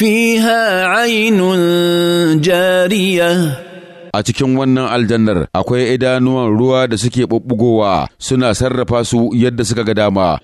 فيها عين جارية a cikin wannan aljannar akwai idanuwan ruwa da suke ɓuɓɓugowa suna sarrafa su yadda suka ga dama